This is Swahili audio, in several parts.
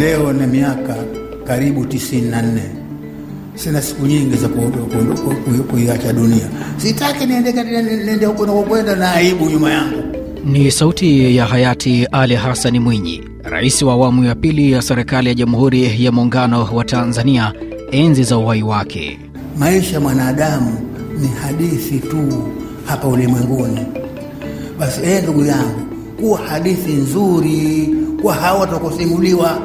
Leo na miaka karibu 94, sina siku nyingi za kuiacha dunia. Sitaki niende huko nakokwenda na aibu nyuma yangu. Ni sauti ya hayati Ali Hasani Mwinyi, rais wa awamu ya pili ya serikali ya Jamhuri ya Muungano wa Tanzania enzi za uhai wake. Maisha mwanadamu ni hadithi tu hapa ulimwenguni. Basi eh, ndugu yangu, kuwa hadithi nzuri kwa hawa watakosimuliwa.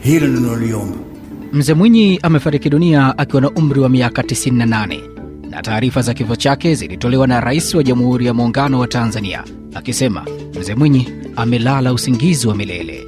Hilo ninaloliomba. Mzee Mwinyi amefariki dunia akiwa na umri wa miaka 98 na taarifa za kifo chake zilitolewa na Rais wa Jamhuri ya Muungano wa Tanzania akisema Mzee Mwinyi amelala usingizi wa milele.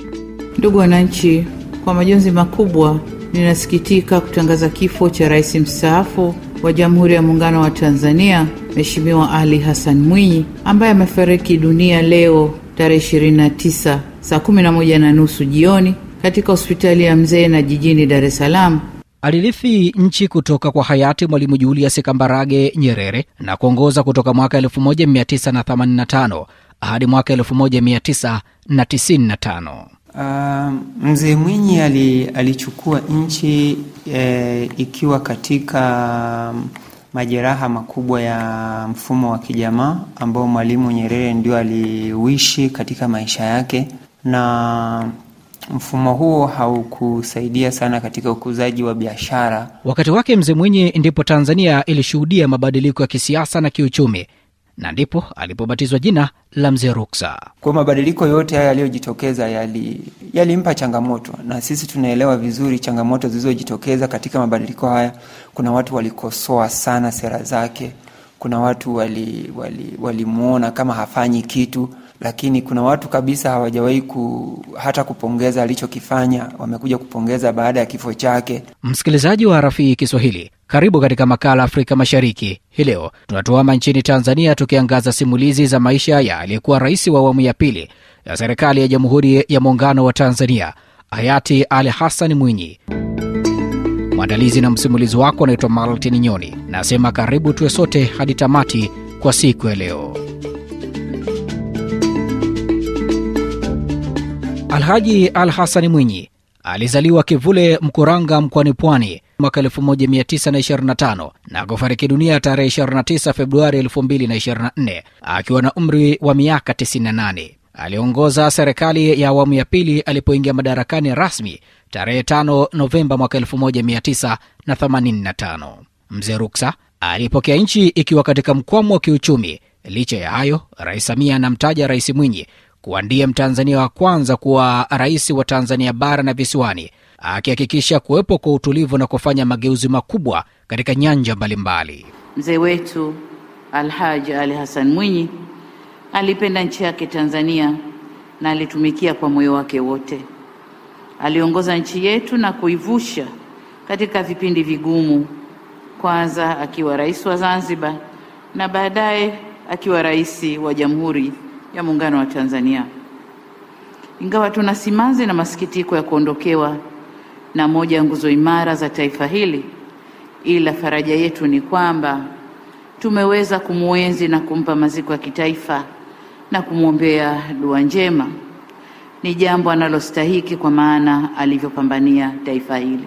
Ndugu wananchi, kwa majonzi makubwa ninasikitika kutangaza kifo cha rais mstaafu wa Jamhuri ya Muungano wa Tanzania Mheshimiwa Ali Hassan Mwinyi ambaye amefariki dunia leo tarehe 29 saa 11 na nusu jioni katika hospitali ya Mzee na jijini Dar es Salaam. Alirithi nchi kutoka kwa hayati Mwalimu Julius Kambarage Nyerere na kuongoza kutoka mwaka 1985 hadi mwaka 1995. Uh, mzee Mwinyi ali, alichukua nchi eh, ikiwa katika um, majeraha makubwa ya mfumo wa kijamaa ambao Mwalimu Nyerere ndio aliuishi katika maisha yake, na mfumo huo haukusaidia sana katika ukuzaji wa biashara. Wakati wake Mzee Mwinyi ndipo Tanzania ilishuhudia mabadiliko ya kisiasa na kiuchumi na ndipo alipobatizwa jina la Mzee Ruksa. Kwa mabadiliko yote haya yaliyojitokeza yalimpa yali changamoto, na sisi tunaelewa vizuri changamoto zilizojitokeza katika mabadiliko haya. Kuna watu walikosoa sana sera zake, kuna watu walimwona wali, wali kama hafanyi kitu lakini kuna watu kabisa hawajawahi ku, hata kupongeza alichokifanya, wamekuja kupongeza baada ya kifo chake. Msikilizaji wa Rafii Kiswahili, karibu katika makala Afrika Mashariki. Hii leo tunatuama nchini Tanzania, tukiangaza simulizi za maisha ya aliyekuwa rais wa awamu ya pili ya serikali ya Jamhuri ya Muungano wa Tanzania, hayati Ali Hassan Mwinyi. Mwandalizi na msimulizi wako anaitwa Maltin Nyoni, nasema karibu tuwe sote hadi tamati kwa siku ya leo. Alhaji Al Hasani Mwinyi alizaliwa Kivule, Mkuranga, mkoani Pwani mwaka 1925 na kufariki dunia tarehe 29 Februari 2024 akiwa na umri wa miaka 98. Aliongoza serikali ya awamu ya pili alipoingia madarakani rasmi tarehe 5 Novemba mwaka 1985. Mzee Ruksa alipokea nchi ikiwa katika mkwamo wa kiuchumi. Licha ya hayo, Rais Samia anamtaja Rais Mwinyi kuwa ndiye Mtanzania wa kwanza kuwa rais wa Tanzania bara na visiwani, akihakikisha kuwepo kwa utulivu na kufanya mageuzi makubwa katika nyanja mbalimbali. Mzee wetu Alhaji Ali hasan Mwinyi alipenda nchi yake Tanzania na alitumikia kwa moyo wake wote. Aliongoza nchi yetu na kuivusha katika vipindi vigumu, kwanza akiwa rais wa Zanzibar na baadaye akiwa rais wa Jamhuri ya Muungano wa Tanzania. Ingawa tuna simanzi na masikitiko ya kuondokewa na moja ya nguzo imara za taifa hili, ila faraja yetu ni kwamba tumeweza kumwenzi na kumpa maziko ya kitaifa na kumwombea dua njema. Ni jambo analostahiki kwa maana alivyopambania taifa hili.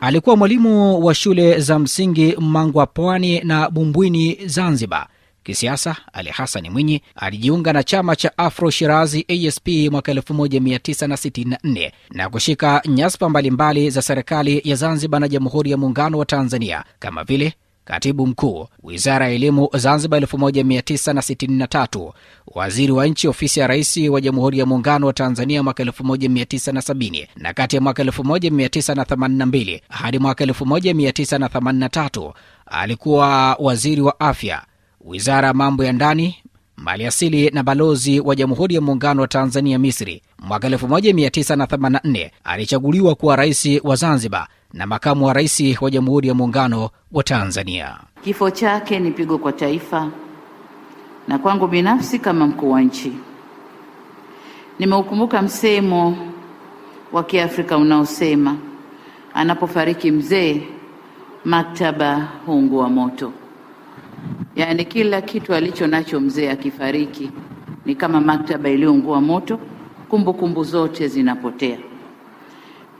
Alikuwa mwalimu wa shule za msingi Mangwa Pwani na Bumbwini Zanzibar. Kisiasa, Ali Hasani Mwinyi alijiunga na chama cha Afro Shirazi ASP mwaka 1964 na kushika nyaspa mbalimbali za serikali ya Zanzibar na Jamhuri ya Muungano wa Tanzania kama vile katibu mkuu wizara ya elimu Zanzibar 1963, waziri wa nchi ofisi ya rais wa jamhuri ya muungano wa Tanzania mwaka 1970 na kati ya mwaka 1982 hadi mwaka 1983 alikuwa waziri wa afya wizara ya mambo ya ndani, maliasili na balozi wa Jamhuri ya Muungano wa Tanzania Misri. Mwaka 1984 alichaguliwa kuwa rais wa Zanzibar na makamu wa rais wa Jamhuri ya Muungano wa Tanzania. Kifo chake ni pigo kwa taifa na kwangu binafsi kama mkuu wa nchi. Nimeukumbuka msemo wa Kiafrika unaosema anapofariki mzee, maktaba huungua moto. Yaani kila kitu alicho nacho mzee akifariki ni kama maktaba iliyoungua moto, kumbukumbu kumbu zote zinapotea.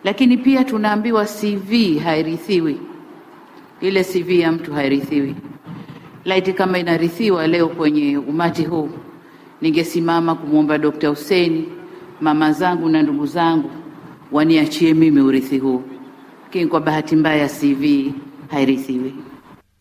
Lakini pia tunaambiwa CV hairithiwi, ile CV ya mtu hairithiwi. Laiti kama inarithiwa leo kwenye umati huu, ningesimama kumwomba Dokta Hussein, mama zangu na ndugu zangu waniachie mimi urithi huu, lakini kwa bahati mbaya CV hairithiwi.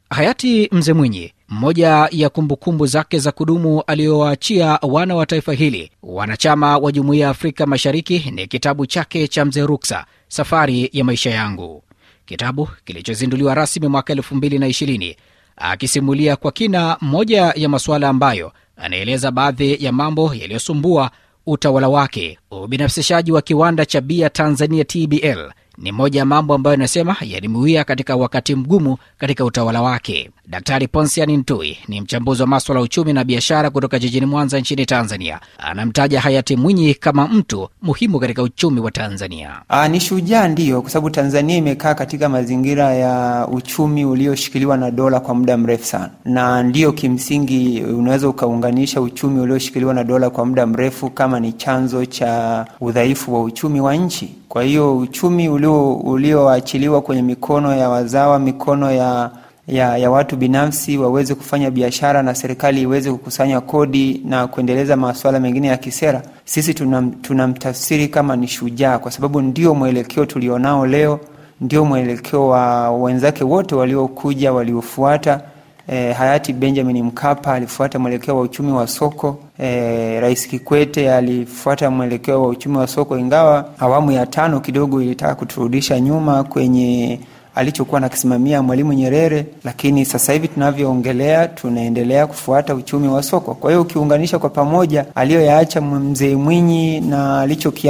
Hayati Mzee Mwinyi mmoja ya kumbukumbu zake za kudumu aliyowaachia wana wa taifa hili, wanachama wa jumuiya ya Afrika Mashariki, ni kitabu chake cha Mzee Ruksa, Safari ya Maisha Yangu, kitabu kilichozinduliwa rasmi mwaka 220 akisimulia kwa kina moja ya masuala ambayo anaeleza baadhi ya mambo yaliyosumbua utawala wake. Ubinafsishaji wa kiwanda cha bia Tanzania, TBL, ni moja ya mambo ambayo anasema yalimuia katika wakati mgumu katika utawala wake. Daktari Ponsian Ntui ni mchambuzi wa maswala ya uchumi na biashara kutoka jijini Mwanza nchini Tanzania. Anamtaja hayati Mwinyi kama mtu muhimu katika uchumi wa Tanzania. Aa, ni shujaa ndiyo, kwa sababu Tanzania imekaa katika mazingira ya uchumi ulioshikiliwa na dola kwa muda mrefu sana, na ndiyo kimsingi unaweza ukaunganisha uchumi ulioshikiliwa na dola kwa muda mrefu kama ni chanzo cha udhaifu wa uchumi wa nchi. Kwa hiyo uchumi ulioachiliwa ulio kwenye mikono ya wazawa, mikono ya ya, ya watu binafsi waweze kufanya biashara na serikali iweze kukusanya kodi na kuendeleza masuala mengine ya kisera, sisi tunamtafsiri tuna kama ni shujaa, kwa sababu ndio mwelekeo tulionao leo, ndio mwelekeo wa wenzake wote waliokuja waliofuata. E, hayati Benjamin Mkapa alifuata mwelekeo wa uchumi wa soko. E, Rais Kikwete alifuata mwelekeo wa uchumi wa soko, ingawa awamu ya tano kidogo ilitaka kuturudisha nyuma kwenye alichokuwa nakisimamia Mwalimu Nyerere, lakini sasa hivi tunavyoongelea, tunaendelea kufuata uchumi wa soko. Kwa hiyo ukiunganisha kwa pamoja aliyoyaacha mzee Mwinyi na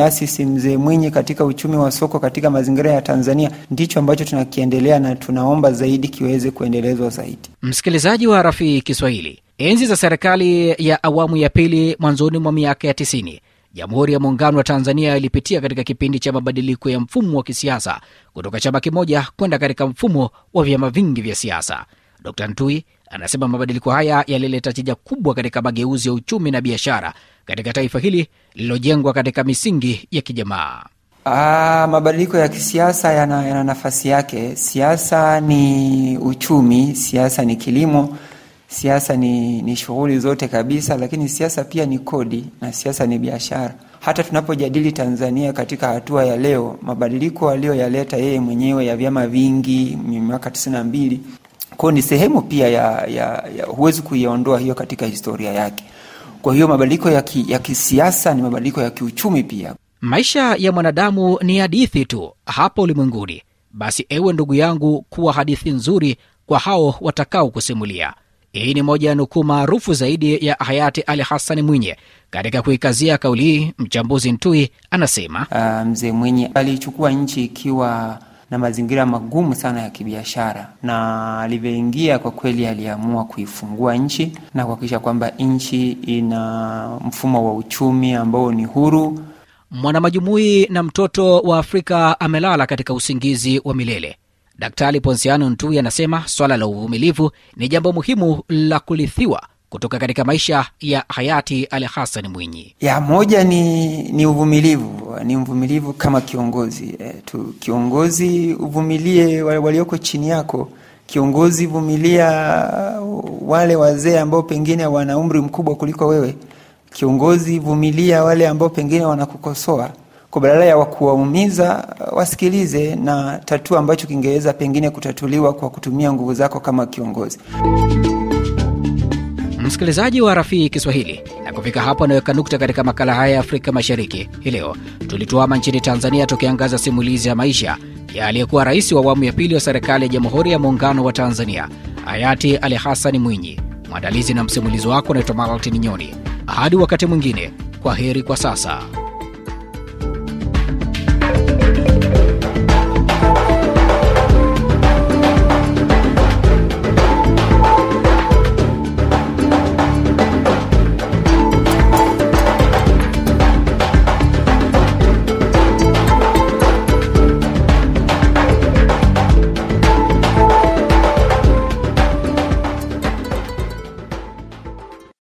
si mzee Mwinyi katika uchumi wa soko katika mazingira ya Tanzania, ndicho ambacho tunakiendelea na tunaomba zaidi kiweze kuendelezwa zaidi. Msikilizaji wa Rafii Kiswahili, enzi za serikali ya awamu ya pili mwanzoni mwa miaka ya tisini Jamhuri ya Muungano wa Tanzania ilipitia katika kipindi cha mabadiliko ya mfumo wa kisiasa kutoka chama kimoja kwenda katika mfumo wa vyama vingi vya siasa. d Ntui anasema mabadiliko haya yalileta tija kubwa katika mageuzi ya uchumi na biashara katika taifa hili lililojengwa katika misingi ya kijamaa. Aa, ah, mabadiliko ya kisiasa yana, yana nafasi yake. Siasa ni uchumi, siasa ni kilimo Siasa ni, ni shughuli zote kabisa, lakini siasa pia ni kodi na siasa ni biashara. Hata tunapojadili Tanzania katika hatua ya leo, mabadiliko aliyoyaleta yeye mwenyewe ya vyama vingi miaka tisini na mbili kwao ni sehemu pia ya, ya, ya huwezi kuiondoa hiyo katika historia yake. Kwa hiyo mabadiliko ya, ki, ya kisiasa ni mabadiliko ya kiuchumi pia. Maisha ya mwanadamu ni hadithi tu hapa ulimwenguni. Basi ewe ndugu yangu, kuwa hadithi nzuri kwa hao watakao kusimulia. Hii ni moja ya nukuu maarufu zaidi ya hayati Ali hasani Mwinye. Katika kuikazia kauli hii, mchambuzi Ntui anasema uh, mzee Mwinye alichukua nchi ikiwa na mazingira magumu sana ya kibiashara, na alivyoingia kwa kweli aliamua kuifungua nchi na kuhakikisha kwamba nchi ina mfumo wa uchumi ambao ni huru. Mwanamajumui na mtoto wa Afrika amelala katika usingizi wa milele. Daktari Ponsiano Ntui anasema swala la uvumilivu ni jambo muhimu la kulithiwa kutoka katika maisha ya hayati Ali Hassan Mwinyi. Ya moja ni, ni uvumilivu, ni mvumilivu kama kiongozi e, tu kiongozi uvumilie walioko chini yako. Kiongozi vumilia wale wazee ambao pengine wana umri mkubwa kuliko wewe. Kiongozi vumilia wale ambao pengine wanakukosoa kwa badala ya kuwaumiza uh, wasikilize na tatua ambacho kingeweza pengine kutatuliwa kwa kutumia nguvu zako kama kiongozi. Msikilizaji wa Rafii Kiswahili, na kufika hapo anaweka nukta katika makala haya ya Afrika Mashariki hii leo. Tulituama nchini Tanzania tukiangaza simulizi ya maisha ya aliyekuwa rais wa awamu ya pili wa serikali ya Jamhuri ya Muungano wa Tanzania, hayati Ali hasani Mwinyi. Mwandalizi na msimulizi wako unaitwa Malatini Nyoni. Hadi wakati mwingine, kwa heri kwa sasa.